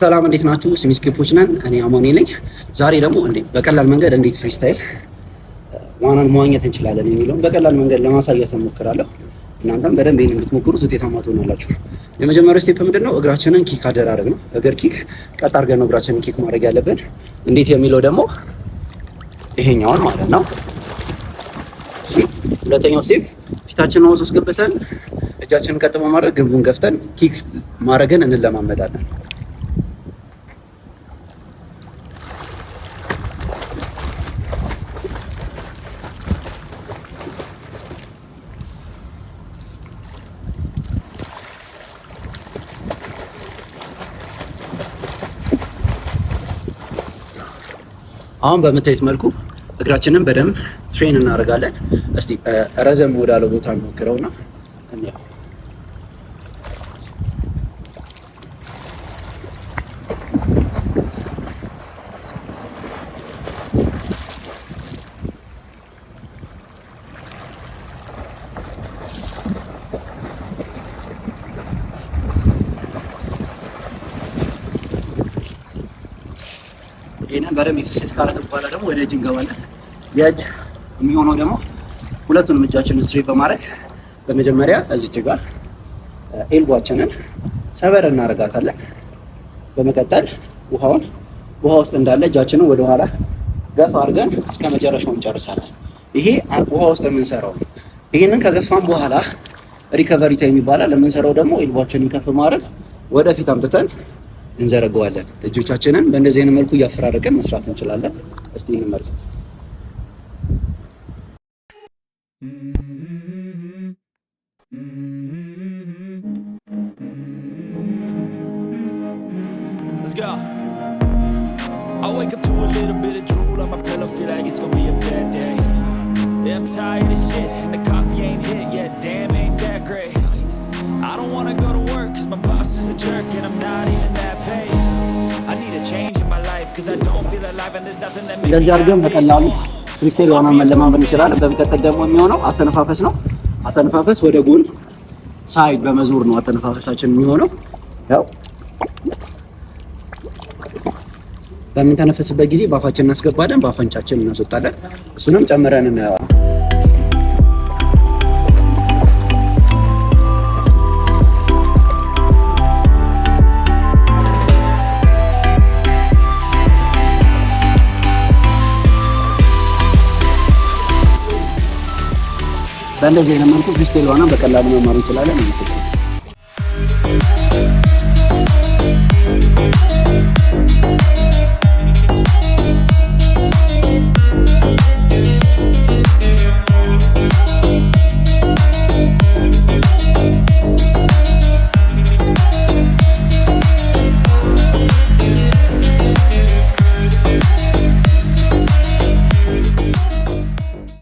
ሰላም እንዴት ናችሁ? ስሚስኬፖች ነን። እኔ አማኔ ነኝ። ዛሬ ደግሞ በቀላል መንገድ እንዴት ፍሪስታይል ዋናን መዋኘት እንችላለን የሚለውን በቀላል መንገድ ለማሳየት እሞክራለሁ። እናንተም በደንብ ይህን የምትሞክሩት ውጤታማ ትሆናላችሁ። የመጀመሪያው ስቴፕ ምንድን ነው? እግራችንን ኪክ አደራረግ ነው። እግር ኪክ ቀጥ አድርገን ነው እግራችንን ኪክ ማድረግ ያለብን። እንዴት የሚለው ደግሞ ይሄኛውን ማለት ነው። ሁለተኛው ስቴፕ ፊታችንን ውስጥ አስገብተን እጃችንን ቀጥ በማድረግ ግንቡን ገፍተን ኪክ ማድረግን እንለማመዳለን። አሁን በምታዩት መልኩ እግራችንን በደንብ ትሬን እናደርጋለን። እስቲ ረዘም ወዳለው ቦታ እንሞክረውና እንያ ይህንን በደንብ ኤክሰርሳይዝ ካረግን በኋላ ደግሞ ወደ እጅ እንገባለን። የእጅ የሚሆነው ደግሞ ሁለቱንም እጃችንን ስትሬት በማድረግ በመጀመሪያ እዚች ጋር ኤልቧችንን ሰበር እናደርጋታለን። በመቀጠል ውሃውን ውሃ ውስጥ እንዳለ እጃችንን ወደ ኋላ ገፋ አድርገን እስከ መጨረሻው እንጨርሳለን። ይሄ ውሃ ውስጥ የምንሰራው ይህንን ከገፋን በኋላ ሪከቨሪ ታይም ይባላል። የምንሰራው ደግሞ ኤልቧችንን ከፍ ማድረግ ወደፊት አምጥተን እንዘረገዋለን። እጆቻችንን በእንደዚህ አይነት መልኩ እያፈራረቅን መስራት እንችላለን። እስቲ እንመልከት። I don't wanna go to work cause my boss is a jerk and I'm not even እንደዚህ አድርገን በቀላሉ ፍሪስታይል ሆነ መለማመድ እንችላለን። በመቀጠል ደግሞ የሚሆነው አተነፋፈስ ነው። አተነፋፈስ ወደ ጎን ሳይድ በመዞር ነው አተነፋፈሳችን የሚሆነው። ያው በምንተነፈስበት ጊዜ በአፋችን እናስገባለን፣ በአፋንጫችን እናስወጣለን። እሱንም ጨምረን እናየዋለን። በእንደዚህ አይነት መልኩ ክሪስቴል ሆነ በቀላሉ መማር እንችላለን።